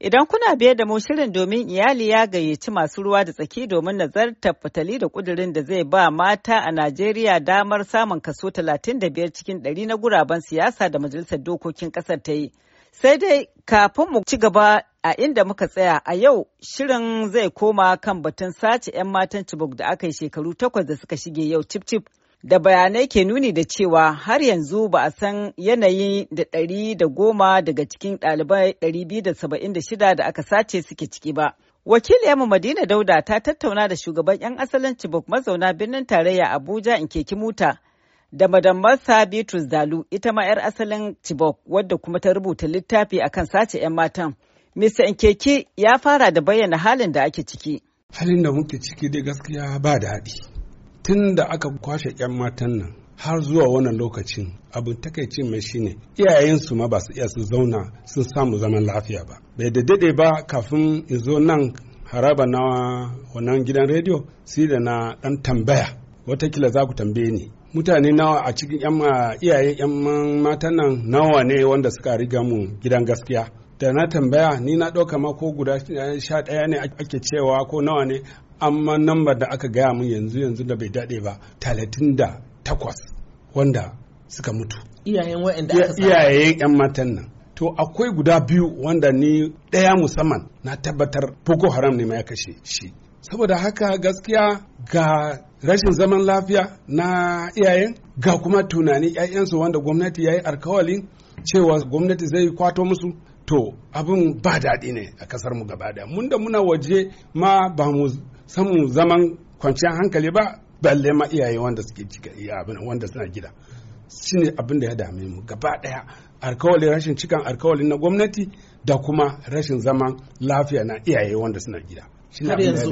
Idan kuna biye da mu shirin domin iyali ya gayyaci masu ruwa da tsaki domin nazartar fitali da kudirin da zai ba mata a Najeriya damar samun kaso 35 cikin 100 na guraben siyasa da Majalisar Dokokin kasar ta yi. Sai dai kafin mu ci gaba a inda muka tsaya a yau shirin zai koma kan batun sace 'yan matan cibok da aka yi shekaru takwas da suka shige yau cip cip. da bayanai ke nuni da cewa har yanzu ba a san yanayi da ɗari da goma daga cikin ɗalibai ɗari biyu da saba'in da da shida aka sace suke ciki ba. Yamma Madina Dauda ta tattauna da shugaban 'yan asalin Chibok mazauna birnin tarayya Abuja in keki muta da Masa Bitrus Dalu ita ma 'yar asalin Chibok wadda kuma ta rubuta littafi akan sace 'yan matan. Mr. Nkeki ya fara da bayyana halin da ake ciki. Halin da muke ciki dai gaskiya ba daɗi. tun da aka kwashe 'yan matan nan har zuwa wannan lokacin abin takaici mai shine iyayensu ma ba su iya su zauna sun samu zaman lafiya ba bai da dade ba kafin in zo nan haraba na wannan gidan rediyo sai da na ɗan tambaya watakila za ku tambaye ni mutane nawa a cikin iyayen 'yan matan nan nawa ne wanda suka riga mu gidan gaskiya da na tambaya ni na ɗauka ma ko guda eh, sha ɗaya ne ake cewa ko nawa ne amma nambar da aka gaya mun yanzu yanzu da bai daɗe ba talatin da takwas wanda suka mutu iyayen waɗanda aka iyayen yan matan nan to akwai guda biyu wanda ni ɗaya musamman na tabbatar boko haram ne ma ya kashe shi saboda haka gaskiya ga rashin zaman lafiya na iyayen ga kuma tunani 'ya'yansu wanda gwamnati ya yi alkawalin cewa gwamnati zai kwato musu to abin ba daɗi ne a kasar mu gaba ɗaya mun da muna waje ma ba mu samu zaman kwanciyar hankali ba balle ma iyaye wanda suke wanda suna gida shine abin da ya dame mu gaba daya alkawalin rashin cikan alkawalin na gwamnati da kuma rashin zaman lafiya na iyaye wanda suna gida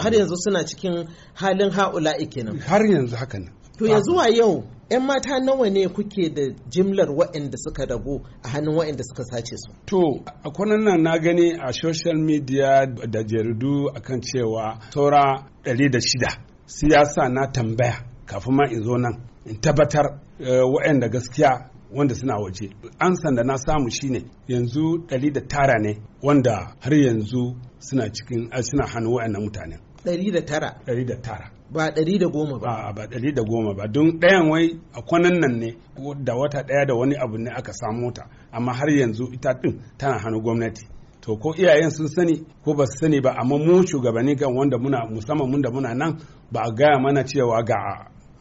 har yanzu suna cikin halin ha'ula'i kenan har yanzu haka ne to ya zuwa yau 'yan mata nawa ne kuke da jimlar waɗanda suka ragu a hannun waɗanda suka sace su to a kwanan nan na gani a social media da jaridu akan cewa saura 106 siyasa na tambaya kafin ma in zo nan in tabbatar eh, waɗanda gaskiya wanda suna waje an sanda na samu shine yanzu 109 ne wanda har yanzu suna cikin suna hannu waɗannan mutanen 109 109 ba ɗari da goma ba ba ɗari da goma ba don ɗayan wai a kwanan nan ne da wata ɗaya da wani abu ne aka samu ta amma har yanzu ita ɗin tana hannu gwamnati to ko iyayen sun sani ko ba su sani ba amma mu shugabanni kan wanda muna musamman mun da muna nan ba a gaya mana cewa ga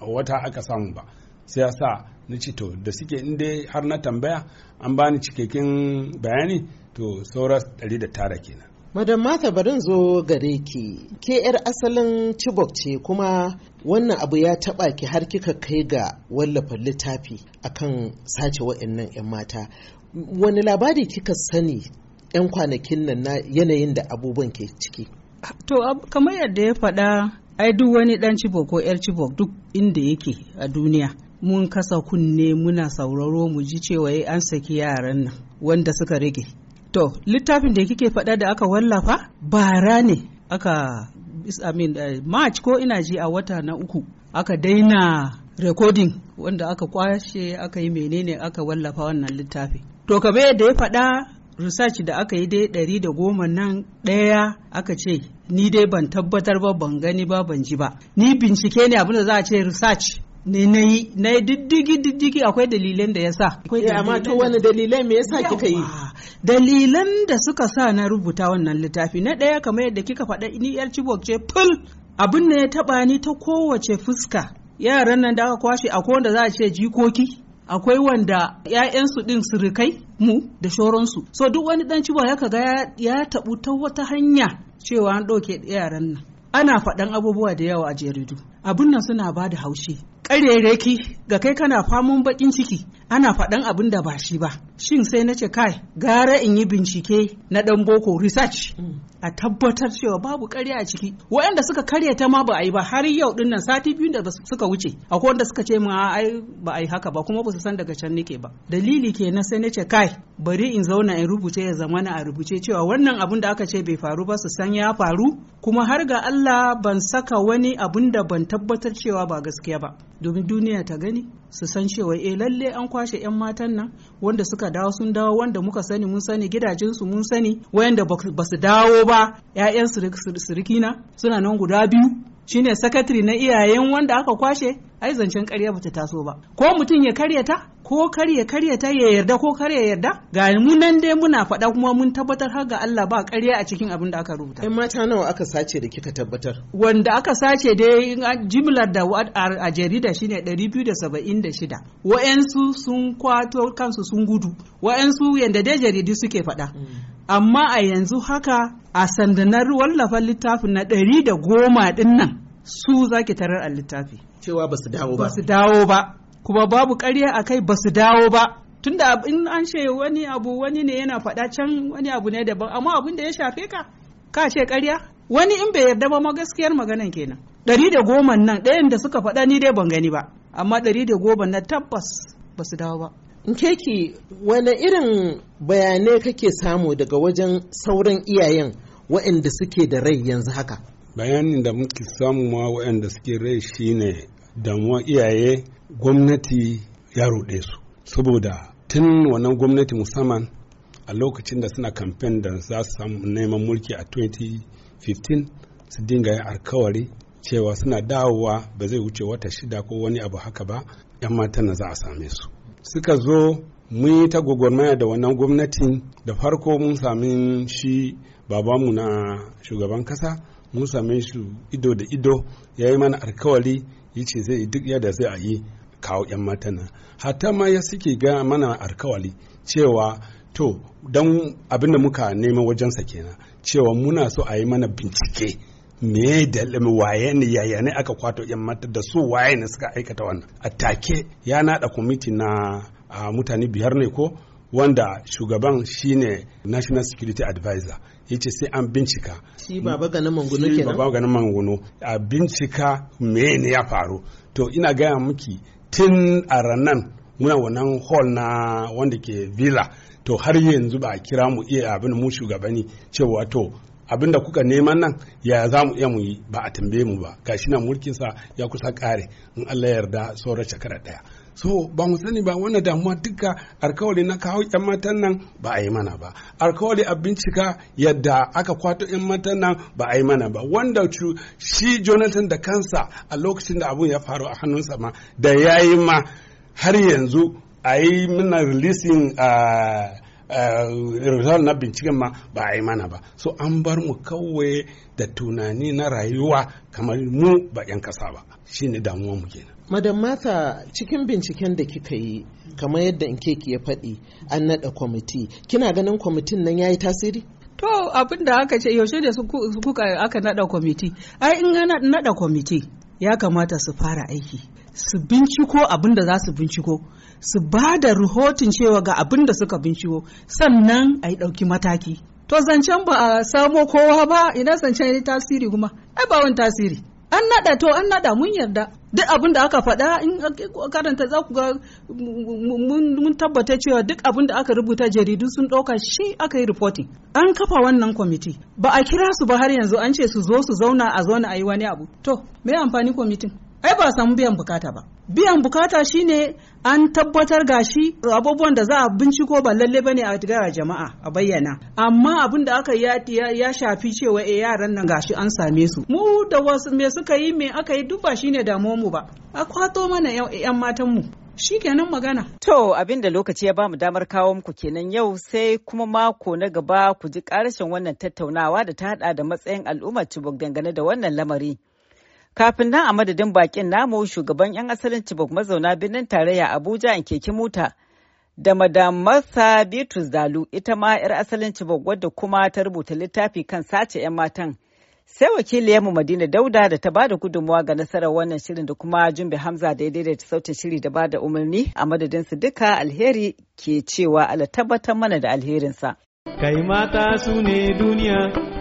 a wata aka samu ba sai ya sa na ce to da suke in dai har na tambaya an bani cikakken bayani to saura ɗari da tara kenan Madam Mata barin zo gare ki, ke 'yar asalin Chibok ce kuma wannan abu ya taɓa ki har kika kai ga wallafa littafi akan sace wa'annan 'yan mata. Wani labari kika sani 'yan kwanakin nan na yanayin da abubuwan ke ciki? To, kamar yadda ya faɗa, ai duk wani ɗan Chibok ko 'yar Chibok duk inda yake a duniya. Mun kasa kunne muna sauraro mu ji cewa an saki yaran nan wanda suka rage. To, littafin da kike faɗa da aka wallafa bara ne aka I mean, uh, March ko ina ji a wata na uku aka daina recording wanda aka kwashe aka yi menene aka wallafa wannan littafi. To, kame da ya faɗa research da aka yi dai ɗari da goma nan ɗaya aka ce ni dai ban tabbatar ba ban gani ba ban ji ba ni bincike ne abinda za a ce research ne na yi na yi diddigi diddigi akwai dalilan da ya sa. Eh, amma to wani dalilai me yasa kika yi? Dalilan da suka sa na rubuta wannan littafi na ɗaya kamar yadda kika faɗa ni yar cibok ce ful abin da ya taɓa ni ta kowace fuska yaran nan da aka kwashe akwai wanda za a ce jikoki akwai wanda 'ya'yansu ɗin surukai mu da shoronsu so duk wani ɗan cibok ya kaga ya taɓu ta wata hanya cewa an ɗauke yaran nan ana faɗan abubuwa da yawa a jaridu abin nan suna bada haushi ƙarereki ga kai kana faman baƙin ciki ana faɗan abin da ba shi ba shin sai na ce kai gara in yi bincike na ɗan boko research a tabbatar cewa babu karya a ciki waɗanda suka karya ta ma ba a yi ba har yau ɗin nan sati biyu da suka wuce akwai wanda suka ce ma ai ba a yi haka ba kuma ba su san daga can nake ba dalili kenan sai na ce kai bari in zauna in rubuce ya zama na a rubuce cewa wannan abin da aka ce bai faru ba su san ya faru kuma har ga Allah ban saka wani abun da ban tabbatar cewa ba gaskiya ba domin duniya ta gani su san cewa eh lalle an kwashe 'yan matan nan wanda suka dawo sun dawo wanda muka sani mun sani gidajensu mun sani wayanda ba su dawo ba 'ya'yan sirikina suna nan guda biyu shine sakatari na iyayen wanda aka kwashe ai zancen karya bata taso ba ko mutum ya karyata ko karya karyata ya yarda ko karya yarda ga mu nan dai muna faɗa kuma mun tabbatar har ga Allah ba karya a cikin abin da aka rubuta ai mata nawa aka sace da kika tabbatar wanda aka sace dai jimlar da a jarida shine 276 wa'ansu sun kwato kansu sun gudu wayansu yanda dai jaridu suke faɗa mm. amma a yanzu haka a sandanar wallafa littafin na ɗari da goma ɗin su zaki tarar a littafi cewa ba su dawo ba ba su dawo ba kuma babu ƙarya a kai ba su dawo ba tunda in an ce wani abu wani ne yana faɗa can wani abu ne daban amma abin da ya shafe ka ka ce ƙarya wani in bai yarda ba ma gaskiyar maganan kenan ɗari da goma nan ɗayan da suka faɗa ni dai ban gani ba amma ɗari da goma na tabbas ba su dawo ba keki wane irin bayanai kake samu daga wajen sauran iyayen waɗanda suke da rai yanzu haka bayanin da muke samu ma waɗanda suke rai shi ne damuwa iyaye gwamnati ya ruɗe su saboda tun wannan gwamnati musamman a lokacin da suna kamfen da za su samu neman mulki a 2015 su dinga yin alkawari cewa suna dawowa ba zai wuce wata shida ko wani abu haka ba 'yan matan na za a same su suka zo mun yi ta gwagwarmaya da wannan gwamnatin da farko mun sami shi babanmu na shugaban kasa mun same shi ido da ido ya yi mana alkawari ya ce zai yi duk yadda zai a yi kawo 'yan mata nan hatta ma ya suke ga mana alkawari cewa to don abin da muka nema wajensa kenan cewa muna so a yi mana bincike me da waye ne yaya ne aka kwato 'yan mata da su waye ne suka aikata wannan a take ya naɗa kwamiti na mutane biyar ne ko wanda shugaban shine national security advisor ya ce sai an bincika shi baba ganin mangono a bincika me ne ya faru to ina gaya miki tun a ranar muna wannan hall na wanda ke villa to har yanzu ba a kira mu iya abin mu shugabanni cewa to abin da kuka neman nan ya za mu iya mu ba a tambaye mu ba gashi nan mulkinsa ya kusa kare in Allah yarda sauran shekara daya so ba mu sani ba wannan damuwa duka alkawari na kawo yan matan nan ba a yi mana ba alkawari a bincika yadda aka kwato yan matan nan ba a yi mana ba wanda shi jonathan da kansa a lokacin da abun ya faru a hannunsa ma da ya yi ma har yanzu a yi mana releasing uh, Eh, result na binciken ma ba a yi mana ba so an bar mu kawai da tunani na rayuwa kamar mu ba 'yan kasa ba shine damuwa mu kenan madam mata cikin binciken da kika yi kamar yadda in keki ya faɗi an naɗa kwamiti kina ganin kwamitin nan ya yi tasiri to abin da aka ce yaushe da su kuka aka naɗa kwamiti ai in naɗa kwamiti ya kamata su fara aiki su binciko abin da za su binciko su ba da rahoton cewa ga abin da suka binciko sannan a yi ɗauki mataki to zancen ba a samo kowa ba idan zancen yi tasiri kuma ai ba wani tasiri an nada to an nada mun yarda duk abin da aka faɗa in karanta za ku ga mun tabbata cewa duk abin da aka rubuta jaridu sun ɗauka shi aka yi reporting an kafa wannan kwamiti ba a kira su ba har yanzu an ce su zo su zauna a zauna a yi wani abu to me amfani kwamitin ai ba samu biyan bukata ba biyan bukata shine an tabbatar gashi abubuwan da za a binciko ba lalle ne a gara jama'a a bayyana amma abin da aka yi ya, shafi cewa e yaran nan gashi an same su mu da wasu me suka yi me aka yi duk ba shine damuwar mu ba a kwato mana yan matan mu Shi kenan magana. To abin da lokaci ya ba mu damar kawo muku kenan yau sai kuma mako na gaba ku ji karshen wannan tattaunawa da ta hada da matsayin al'ummar Chibok dangane da wannan lamari. Kafin nan a madadin bakin namu shugaban 'yan asalin Chibok mazauna birnin tarayya Abuja in keke mota da Madam Martha Bitrus Dalu ita ma 'yar asalin Chibok wadda kuma ta rubuta littafi kan sace 'yan matan. Sai wakiliyarmu Madina Dauda da ta bada gudunmawa ga nasarar wannan shirin da kuma Jumbe Hamza da ya daidaita sautin shiri da bada umarni a madadin su duka alheri ke cewa ala tabbatar mana da alherinsa. Kai mata su ne duniya